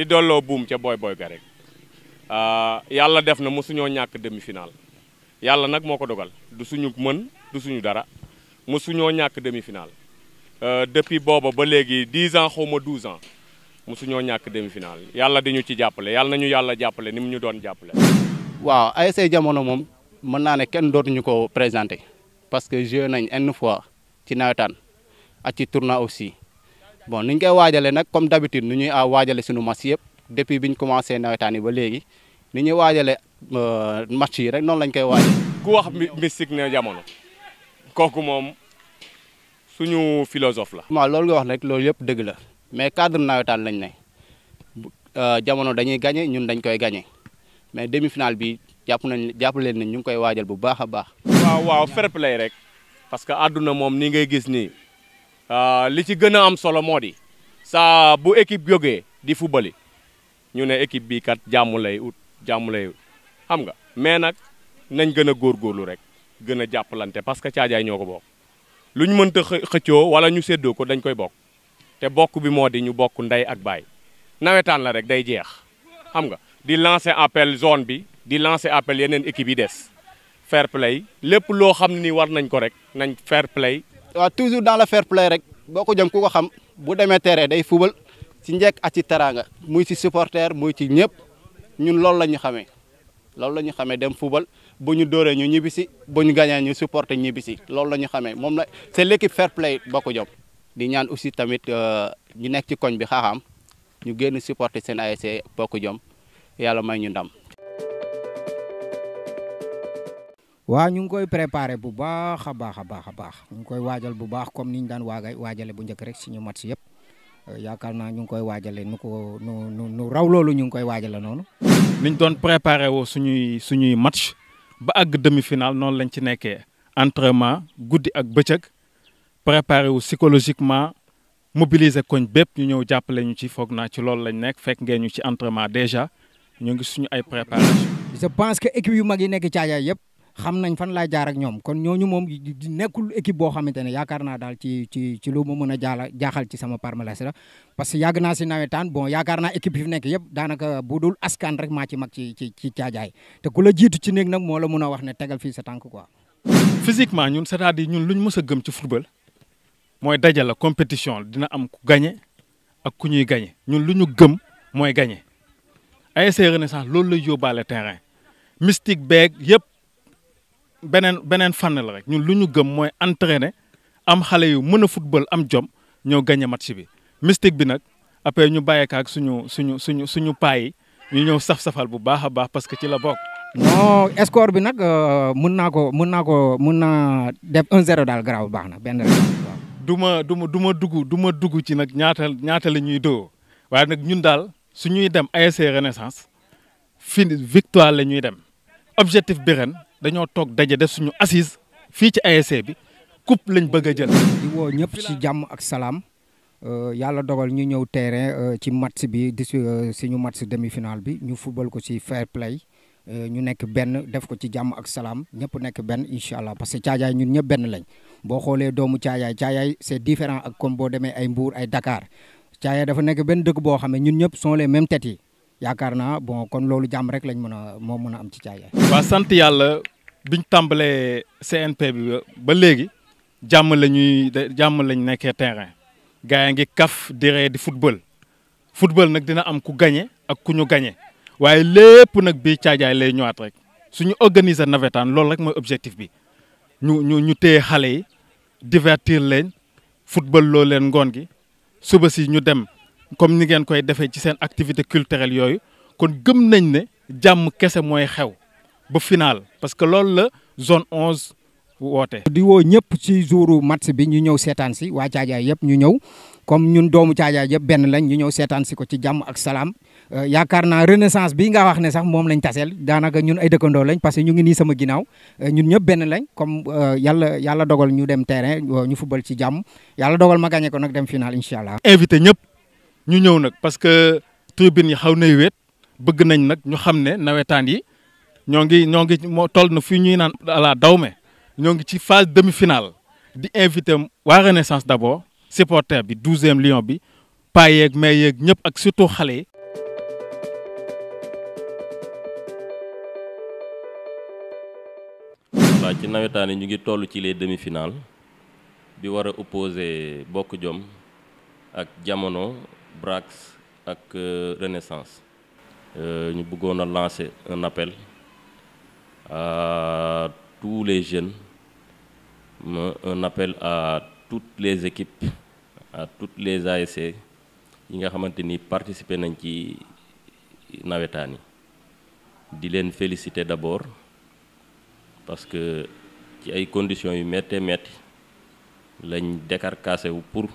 di dolloo buum ca booy boy ga rek ah, yàlla def na mosuñoo ñàkk demi final yàlla nag moo ko dogal du suñu mën du suñu dara mosuñoo ñàkk demi final ah, depuis booba ba léegi 10 ans xaw ma 12 ans mosuñoo ñàkk demi final yàlla di ñu ci jàppale yàlla na ñu yàlla jàppale ni mu ñu doon jàppale. waaw ASC jamono moom mën naa ne kenn dootuñu ko présenté parce que joué nañ une fois ci nawetaan ak ci aussi. bon ni ñu koy waajalee nag comme d'habitude nu ñuy ah, waajale suñu match yëpp depuis bi ñu commencé nawetaan yi ba léegi nu ñuy waajale euh, match yi rek noonu lañ koy waajal. ku wax mystique ne jamono kooku moom suñu philosophe la. waaw loolu nga wax rek loolu yëpp dëgg la mais cadre nawetaan lañ ne euh, jamono dañuy gagné ñun dañ koy gagné mais demi-finale bi jàpp nañ jàpp leen ne ñu ngi koy waajal bu baax a baax. waaw waaw fair play rek parce que àdduna moom ni ngay gis nii. Ah, li ci gën a am solo moo di saa bu équipe jógee di fubali ñu ne équipe bii kat jàmm lay ut jàmm lay xam nga mais nag nañ gën a góorlu rek gën a jàppalante parce que caajaay ñoo ko bokk lu ñu mënta xëccoo wala ñu séddoo ko dañ koy bokk te bokk bi moo di ñu bokk ndey ak baay nawetaan la rek day jeex xam nga di lancer appel zone bi di lancer appel yeneen équipe yi des fair play lépp loo xam ni war nañ ko rek nañ fair play wa toujours dans le fair play rek boko ko jëm ku ko xam bu démé téré day football ci njëkk ak ci teranga muy ci supporter muy ci ñëpp ñun lool lañu xamé lool lañu xamé dem football bu ñu ñu ñibisi bu ñu ñu supporter ñibisi lool lañu xamé mom la c'est l'équipe fair play boko jom jëm di ñaan aussi tamit euh, ñu nekk ci koñ bi xaxam ñu génn supporter sen ASC boko jom jëm yàlla may ñu ndam waaw ñu ngi koy préparer bu baax a baax a baax a baax ñu ngi koy waajal bu baax comme ni ñu daan waagay waajale bu njëkk rek si ñu mat si yëpp euh, yaakaar naa ñu ngi koy waajale nu ko nu raw loolu ñu ngi koy waajale noonu. niñ doon préparer woo suñuy suñuy match ba àgg demi final noonu lañ ci nekkee entraînement guddi ak bëccëg préparé wu psychologiquement. mobiliser koñ bépp ñu ñëw jàppale ñu ci foog naa ci loolu lañ nekk fekk ngeen ñu ci entrement déjà ñoo ngi suñu ay préparation. je pense que équipe yu mag yi nekk caajaay yëpp xam nañ fan laa jaar ak ñoom kon ñooñu moom nekkul équipe boo xamante ne yaakaar naa daal ci ci ci lu mu mën a jaala jaaxal ci sama parmalas la parce que yàgg naa si nawetaan bon yaakaar naa équipe yi fi nekk yëpp daanaka bu dul askan rek maa ci mag ci ci ci caajaay te ku la jiitu ci néeg nag moo la mën a wax ne tegal fii sa tànk quoi. physiquement ñun c'est-à-dire ñun luñ mës a gëm ci football mooy dajala compétition dina am ku gagné ak ku ñuy gagné ñun lu ñu gëm mooy gagné ASC Renaissance loolu lay yóbbaale terrain mystique beeg yëpp. beneen beneen fànn la rek ñun lu ñu gëm mooy entraîner am xale yu mën a football am jom ñoo gagné match bi mystique bi nag après ñu bàyyeeka ak suñu suñu suñu suñu paay ñu ñëw saf-safal bu baax a baax parce que ci la bokk. non score bi nag euh, mën naa ko mën naa ko mën naa def 1-0 daal garaaw baax na benn du ma du ma du ma dugg du ma dugg ci nag ñaata ñaata la ñuy doo waaye nag ñun daal suñuy dem dem ASC Renaissance fi victoire la ñuy dem objectif bi ren dañoo toog daje def suñu assise fii ci ASC bi coupe lañ bëgg a jël. di woo ñëpp si jàmm ak salaam euh, yàlla dogal ñu ñëw terrain euh, ci match bi di euh, suñu match demi-finale bi ñu football ko ci fair play ñu nekk benn def ko ci jàmm ak salaam ñëpp nekk benn incha allah parce que caajaay ñun ñëpp benn lañ boo xoolee doomu caajaay caajaay c'est différent ak kon boo demee ay Mbour ay Dakar caajaay dafa nekk benn dëkk boo xam ne ñun ñëpp sont les mêmes têtes yaakaar naa bon kon loolu jàmm rek lañ mën a moo mën a am ci Thiadiaye. waa sant yàlla biñ tàmbalee CNP bi ba léegi jàmm lañuy jàmm lañu nekkee terrain gars yi ngi kaf di di football football nag dina am ku gañe ak ku ñu gañe waaye lépp nag bii Thiadiaye lay ñëwaat rek suñu organiser navétane loolu rek mooy objectif bi ñu ñu ñu téye xale yi divertir leen football loo leen ngoon gi suba si ñu dem. comme ni ngeen koy defee ci seen activité culturelle yooyu kon gëm nañ ne jàmm kese mooy xew ba final parce que loolu la zone onze woote. di woo ñëpp ci jouru match bi ñu ñëw seetaan si waa Caajaay yëpp ñu ñëw comme ñun doomu Caajaay yëpp benn lañ ñu ñëw seetaan si ko ci jàmm ak salaam euh, yaakaar naa renaissance bi nga wax ne sax moom lañ taseel daanaka ñun ay dëkkandoo lañ parce que ñu ngi nii sama ginnaaw euh, ñun ñëpp benn lañ comme euh, yàlla yàlla dogal ñu dem terrain ñu fubal ci jàmm yàlla dogal ma gagné ko nag dem final incha allah. invité ñëpp. Nous sommes venus parce que tribune sommes xaw Nous nañ que ñu sommes ne yi ñoo ngi nous na Nous ala Nous phase demi-finale di invité la Renaissance d'abord supporter bi douzième lion bi Nous yeeg les yeeg nous ak surtout nous yi Nous ci nawetaan nous ñu nous ci les demi finale Nous opposé Bokk Jamono Brax et euh, Renaissance nous avons lancé un appel à tous les jeunes un appel à toutes les équipes à toutes les ASC qui nga à la participer nañ ci féliciter d'abord parce que ci ay conditions yu méttee décarcassé pour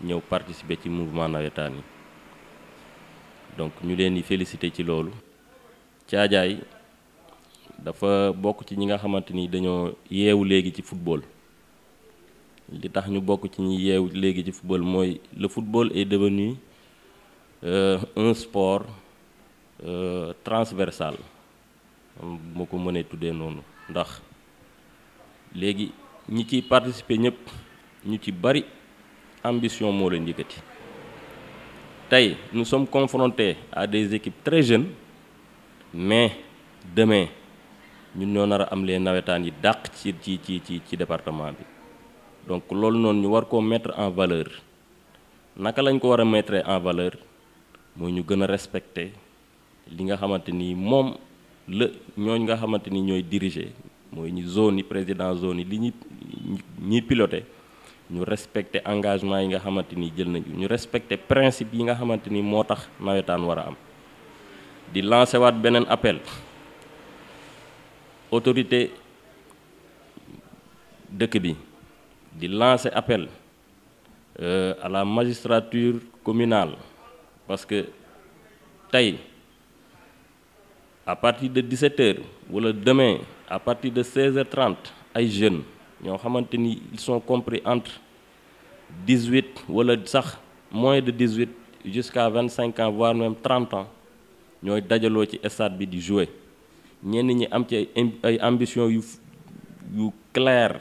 ñeu participer ci mouvement nawetaan donc ñu leen di féliciter ci lolu tiajay dafa bokk ci ñi nga xamante dañoo yewu légui ci football li tax ñu bokk ci ñi yewu légui ci football moy le football est devenu euh, un sport euh, transversal moko mëne mënee nonu ndax légui ñi ciy participer ñep ñu ci bari ambition moo leen yëkkati nous sommes confrontés à des équipes très jeunes mais demain ñun ñoo nar am les nawetaan yi dàq ci ci ci ci département bi donc lool non ñu war koo mettre en valeur naka lañ ko wara mettre en valeur moy ñu gëna respecter li nga xamanteni mom le ñoñ nga xamanteni ñoy diriger moy ñi zone yi président zone yi li ñuy ñuy piloter. ñu respecter engagement yi nga xamante ni jël nañu ñu respecter principe yi nga xamante ni moo tax nawetaan war a am di lancer waat beneen appel autorité dëkk bi di lancer appel euh, à la magistrature communale parce que tey à partir de 17 heures wala demain à partir de 16h30 ay jeunes. ils sont compris entre 18 ou moins de 18 jusqu'à 25 ans, voire même 30 ans. Ils ont été dans le Ils ont des ambitions claires.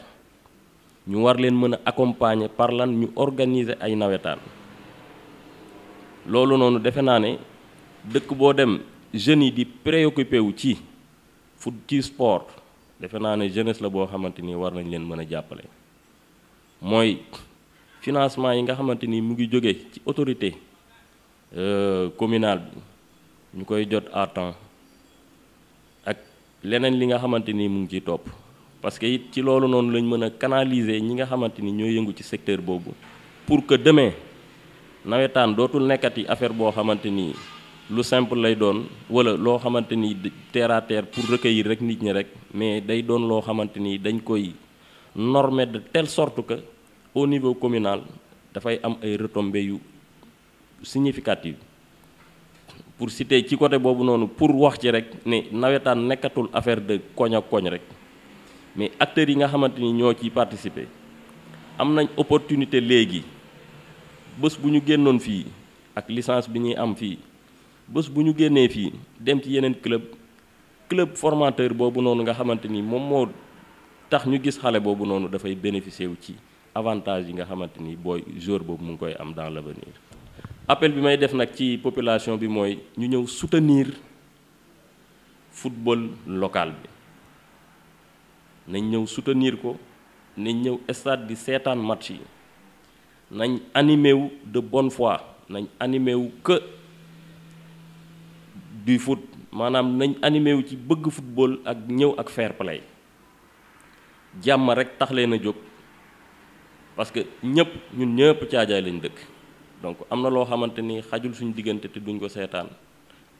Nous devons les accompagner, parler, nous organiser des ce que nous avons fait. Nous que les jeunes préoccupés le sport. defe naa ne jeunesse la boo xamante ni war nañ leen mën a jàppale mooy financement yi nga xamante ni mu ngi jóge ci autorité euh, communale bi ñu koy jot à temps ak leneen li nga xamante ni mu ngi ciy topp parce que it ci loolu noonu lañ mën a canaliser ñi nga xamante ni ñoo yëngu ci secteur boobu pour que demain nawetaan dootul nekkati affaire boo xamante ni. lu simple lay doon wala loo xamante ni terre à terre pour recueillir rek nit ñi rek mais day doon loo xamante ni dañ koy normer de telle sorte que au niveau communal dafay am ay retombée yu significative pour citer ci côté boobu noonu pour wax ci rek ne nawetaan nekkatul affaire de koñ ak koñ rek mais acteurs yi nga xamante ni ñoo ci participer am nañ opportunité léegi bés bu ñu génnoon fii ak licence bi ñuy am fii bés bu ñu génnee dem ci yeneen club club formateur boobu noonu nga xamante ni moom moo tax ñu gis xale boobu noonu dafay bénéficier wu ci avantage yi nga xamante ni booy joueur boobu mu ngi am dans l'avenir appel bi may def nag ci population bi mooy ñu ñëw soutenir football local bi nañ ñëw soutenir ko nañ ñëw stade di seetaan match yi nañ animé wu de bonne foi nañ animé wu que du foot manam nañ animé wu ci bëgg football ak ñëw ak fair play jamm rek tax leena jog paske parce que ñëpp ñun ñëpp caajaay lañ dëkk donc amna lo xamanteni xajul suñu digënté te duñ ko seetaan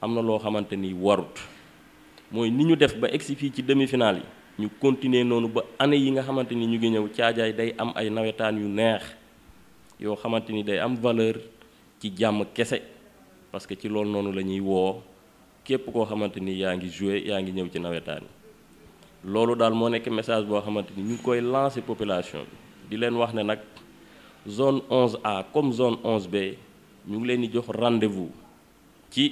amna lo xamanteni warut moy ni def ba exi fi ci demi finale ñu continuer nonu ba ane yi nga xamanteni ñu ngi ñëw caajaay day am ay nawetaan yu neex yo xamanteni day am valeur ci jamm kese parce que ci lool nonu lañuy wo képp koo xamante ni yaa ngi joué yaa ngi ñëw ci nawetaan yi loolu daal moo nekk message boo xamante ni ñu ngi koy lancé population di leen wax ne nag zone 11A comme zone 11B ñu ngi leen di jox rendez-vous ci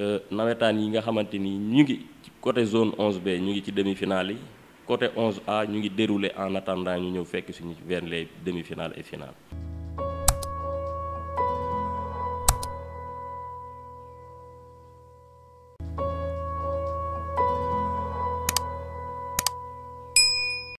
euh, nawetaan yi nga xamante ni ñu ngi ci côté zone 11B ñu ngi ci demi-finale yi côté 11A ñu ngi déroulé en attendant ñu ñëw fekk suñu vers les demi-finales et finales